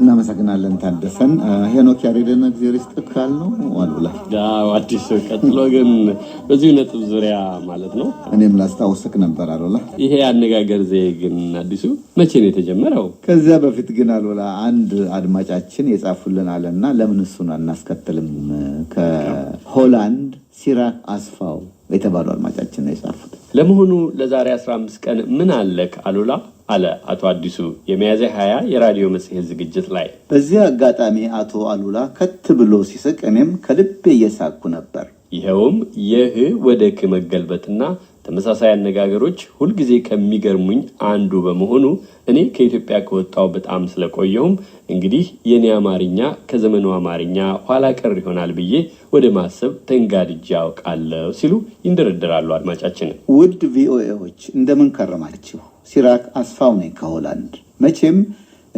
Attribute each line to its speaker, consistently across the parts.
Speaker 1: እናመሰግናለን ታደሰን። ሄኖክ ያሬድን እግዜር ይስጥህ ካልነው አሉላል
Speaker 2: አዲስ ቀጥሎ ግን በዚሁ ነጥብ ዙሪያ ማለት ነው።
Speaker 1: እኔም ላስታውስክ ነበር አሉላ።
Speaker 2: ይሄ አነጋገር ዘዬ ግን አዲሱ መቼ ነው የተጀመረው?
Speaker 1: ከዚያ በፊት ግን አሉላ አንድ አድማጫችን የጻፉልን አለና ለምን እሱን አናስከትልም? ከሆላንድ ሲራክ አስፋው የተባሉ አድማጫችን ነው የጻፉት።
Speaker 2: ለመሆኑ ለዛሬ 15 ቀን ምን አለክ አሉላ አለ አቶ አዲሱ የሚያዝያ ሀያ የራዲዮ መጽሔት ዝግጅት ላይ።
Speaker 1: በዚህ አጋጣሚ አቶ አሉላ ከት ብሎ ሲስቅ እኔም ከልቤ እየሳኩ ነበር።
Speaker 2: ይኸውም የህ ወደ ክ መገልበጥና ተመሳሳይ አነጋገሮች ሁልጊዜ ከሚገርሙኝ አንዱ በመሆኑ እኔ ከኢትዮጵያ ከወጣው በጣም ስለቆየሁም እንግዲህ የኔ አማርኛ ከዘመኑ አማርኛ ኋላ ቀር ይሆናል ብዬ ወደ ማሰብ ተንጋድጄ ያውቃለሁ ሲሉ ይንደረደራሉ። አድማጫችን
Speaker 1: ውድ ቪኦኤዎች እንደምን ከረማችሁ? ሲራክ አስፋው ነኝ ከሆላንድ። መቼም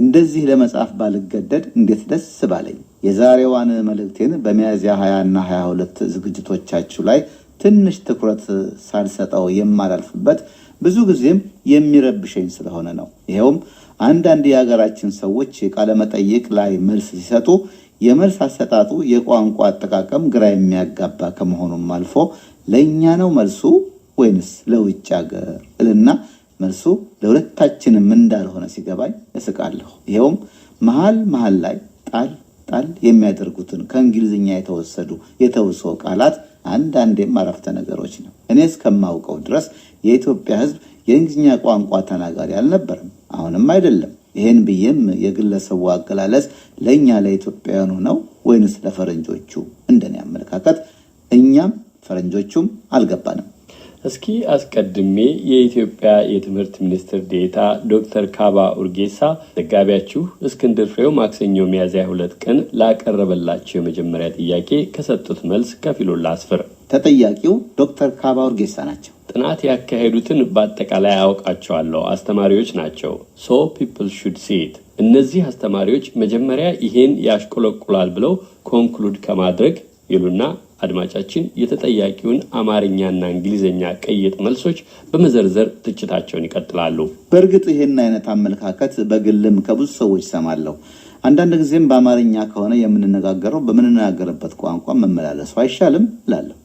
Speaker 1: እንደዚህ ለመጻፍ ባልገደድ እንዴት ደስ ባለኝ። የዛሬዋን መልእክቴን በሚያዝያ 20 እና 22 ዝግጅቶቻችሁ ላይ ትንሽ ትኩረት ሳልሰጠው የማላልፍበት ብዙ ጊዜም የሚረብሸኝ ስለሆነ ነው። ይኸውም አንዳንድ የሀገራችን ሰዎች ቃለመጠይቅ ላይ መልስ ሲሰጡ የመልስ አሰጣጡ የቋንቋ አጠቃቀም ግራ የሚያጋባ ከመሆኑም አልፎ ለእኛ ነው መልሱ ወይንስ ለውጭ ሀገር እልና መልሱ ለሁለታችንም እንዳልሆነ ሲገባኝ እስቃለሁ። ይኸውም መሀል መሀል ላይ ጣል ጣል የሚያደርጉትን ከእንግሊዝኛ የተወሰዱ የተውሶ ቃላት አንዳንዴም አረፍተ ነገሮች ነው። እኔ እስከማውቀው ድረስ የኢትዮጵያ ሕዝብ የእንግሊዝኛ ቋንቋ ተናጋሪ አልነበርም አሁንም አይደለም። ይህን ብዬም የግለሰቡ አገላለጽ ለእኛ ለኢትዮጵያውያኑ ነው ወይንስ ለፈረንጆቹ? እንደኔ አመለካከት እኛም ፈረንጆቹም አልገባንም።
Speaker 2: እስኪ አስቀድሜ የኢትዮጵያ የትምህርት ሚኒስትር ዴታ ዶክተር ካባ ኡርጌሳ ዘጋቢያችሁ እስክንድር ፍሬው ማክሰኞ ሚያዝያ ሁለት ቀን ላቀረበላቸው የመጀመሪያ ጥያቄ ከሰጡት መልስ ከፊሉን ላስፍር።
Speaker 1: ተጠያቂው ዶክተር ካባ ኡርጌሳ ናቸው።
Speaker 2: ጥናት ያካሄዱትን በአጠቃላይ አውቃቸዋለሁ። አስተማሪዎች ናቸው። ሶ ፒፕል ሹድ ሲት እነዚህ አስተማሪዎች መጀመሪያ ይሄን ያሽቆለቁላል ብለው ኮንክሉድ ከማድረግ ይሉና አድማጫችን የተጠያቂውን አማርኛና እንግሊዝኛ ቀይጥ መልሶች በመዘርዘር ትችታቸውን ይቀጥላሉ።
Speaker 1: በእርግጥ ይህን አይነት አመለካከት በግልም ከብዙ ሰዎች ይሰማለሁ። አንዳንድ ጊዜም በአማርኛ ከሆነ የምንነጋገረው በምንነጋገርበት ቋንቋ መመላለሱ አይሻልም እላለሁ።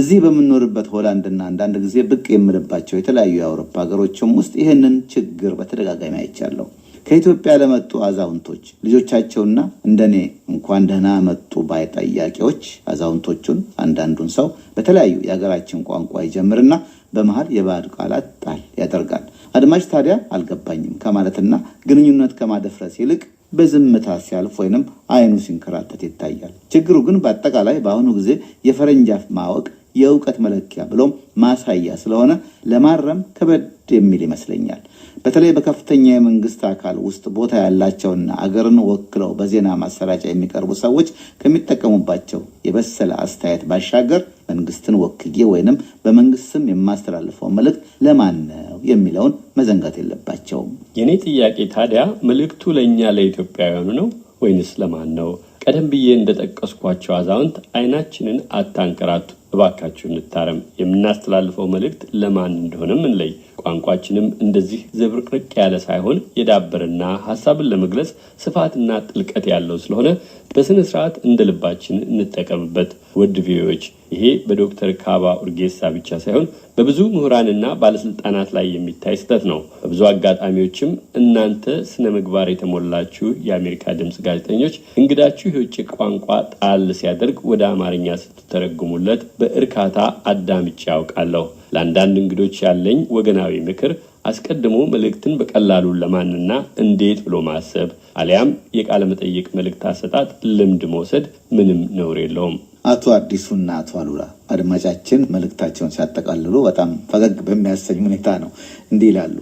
Speaker 1: እዚህ በምንኖርበት ሆላንድና አንዳንድ ጊዜ ብቅ የምልባቸው የተለያዩ የአውሮፓ ሀገሮችም ውስጥ ይህንን ችግር በተደጋጋሚ አይቻለሁ። ከኢትዮጵያ ለመጡ አዛውንቶች ልጆቻቸውና እንደኔ እንኳን ደህና መጡ ባይ ጠያቂዎች አዛውንቶቹን አንዳንዱን ሰው በተለያዩ የሀገራችን ቋንቋ ይጀምርና በመሀል የባዕድ ቃላት ጣል ያደርጋል። አድማጭ ታዲያ አልገባኝም ከማለትና ግንኙነት ከማደፍረስ ይልቅ በዝምታ ሲያልፍ ወይንም አይኑ ሲንከራተት ይታያል። ችግሩ ግን በአጠቃላይ በአሁኑ ጊዜ የፈረንጅ አፍ ማወቅ የእውቀት መለኪያ ብሎም ማሳያ ስለሆነ ለማረም ከበድ የሚል ይመስለኛል። በተለይ በከፍተኛ የመንግስት አካል ውስጥ ቦታ ያላቸውና አገርን ወክለው በዜና ማሰራጫ የሚቀርቡ ሰዎች ከሚጠቀሙባቸው የበሰለ አስተያየት ባሻገር መንግስትን ወክዬ ወይንም በመንግስት ስም የማስተላልፈው መልእክት ለማን ነው የሚለውን መዘንጋት የለባቸውም።
Speaker 2: የእኔ ጥያቄ ታዲያ መልእክቱ ለእኛ ለኢትዮጵያውያኑ ነው ወይንስ ለማን ነው? ቀደም ብዬ እንደጠቀስኳቸው አዛውንት አይናችንን አታንቀራቱ እባካችሁ እንታረም። የምናስተላልፈው መልእክት ለማን እንደሆነም እንለይ። ቋንቋችንም እንደዚህ ዘብርቅርቅ ያለ ሳይሆን የዳበረና ሀሳብን ለመግለጽ ስፋትና ጥልቀት ያለው ስለሆነ በስነ ስርዓት እንደ ልባችን እንጠቀምበት። ውድ ቪዎች ይሄ በዶክተር ካባ ኡርጌሳ ብቻ ሳይሆን በብዙ ምሁራንና ባለስልጣናት ላይ የሚታይ ስህተት ነው። በብዙ አጋጣሚዎችም እናንተ ስነ ምግባር የተሞላችሁ የአሜሪካ ድምፅ ጋዜጠኞች እንግዳችሁ የውጭ ቋንቋ ጣል ሲያደርግ ወደ አማርኛ ስትተረጉሙለት በእርካታ አዳምጬ ያውቃለሁ። ለአንዳንድ እንግዶች ያለኝ ወገናዊ ምክር አስቀድሞ መልእክትን በቀላሉ ለማንና እንዴት ብሎ ማሰብ አሊያም የቃለ መጠይቅ መልእክት አሰጣጥ ልምድ መውሰድ ምንም ነውር የለውም።
Speaker 1: አቶ አዲሱና አቶ አሉላ አድማጫችን መልእክታቸውን ሲያጠቃልሉ በጣም ፈገግ በሚያሰኝ ሁኔታ ነው። እንዲህ ይላሉ።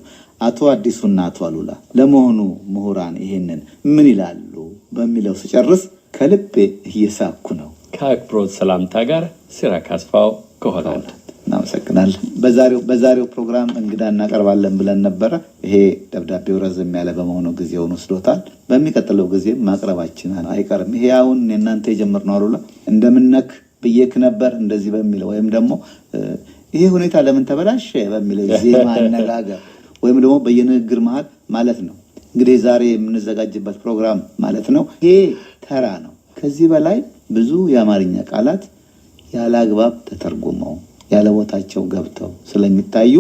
Speaker 1: አቶ አዲሱና አቶ አሉላ ለመሆኑ ምሁራን ይሄንን ምን ይላሉ በሚለው ስጨርስ ከልቤ እየሳኩ ነው
Speaker 2: ከአክብሮት ሰላምታ ጋር ሲራክ አስፋው ከሆላንድ
Speaker 1: እናመሰግናለን። በዛሬው ፕሮግራም እንግዳ እናቀርባለን ብለን ነበረ። ይሄ ደብዳቤው ረዘም ያለ በመሆኑ ጊዜውን ወስዶታል። በሚቀጥለው ጊዜ ማቅረባችን አይቀርም። ይሄ አሁን የእናንተ የጀመርነው አሉላ እንደምነክ ብዬክ ነበር እንደዚህ በሚለው ወይም ደግሞ ይሄ ሁኔታ ለምን ተበላሸ በሚለው ዜማ አነጋገር ወይም ደግሞ በየንግግር መሀል ማለት ነው። እንግዲህ ዛሬ የምንዘጋጅበት ፕሮግራም ማለት ነው። ይሄ ተራ ነው። ከዚህ በላይ ብዙ የአማርኛ ቃላት ያለ አግባብ ተተርጉመው ያለ ቦታቸው ገብተው ስለሚታዩ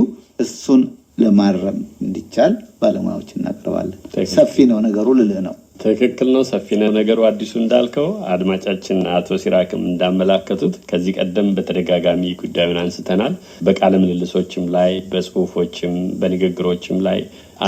Speaker 1: እሱን ለማረም እንዲቻል ባለሙያዎች እናቀርባለን። ሰፊ ነው ነገሩ ልልህ ነው።
Speaker 2: ትክክል ነው። ሰፊ ነው ነገሩ። አዲሱ እንዳልከው አድማጫችን አቶ ሲራክም እንዳመላከቱት ከዚህ ቀደም በተደጋጋሚ ጉዳዩን አንስተናል። በቃለ ምልልሶችም ላይ፣ በጽሁፎችም፣ በንግግሮችም ላይ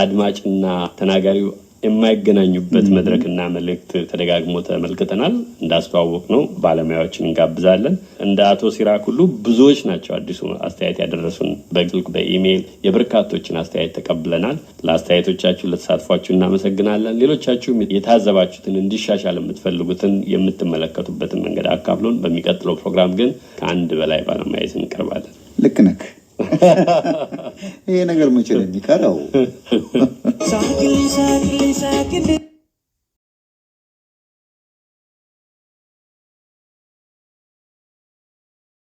Speaker 2: አድማጭና ተናጋሪው የማይገናኙበት መድረክና መልእክት ተደጋግሞ ተመልክተናል። እንዳስተዋወቅ ነው ባለሙያዎችን እንጋብዛለን። እንደ አቶ ሲራክ ሁሉ ብዙዎች ናቸው አዲሱ አስተያየት ያደረሱን። በግልክ በኢሜይል የበርካቶችን አስተያየት ተቀብለናል። ለአስተያየቶቻችሁ ለተሳትፏችሁ እናመሰግናለን። ሌሎቻችሁም የታዘባችሁትን እንዲሻሻል የምትፈልጉትን የምትመለከቱበትን መንገድ አካፍሎን፣ በሚቀጥለው ፕሮግራም ግን ከአንድ በላይ ባለሙያ እንቀርባለን።
Speaker 1: ልክ ይሄ ነገር መቼ ነው የሚቀረው? minsan, minsan,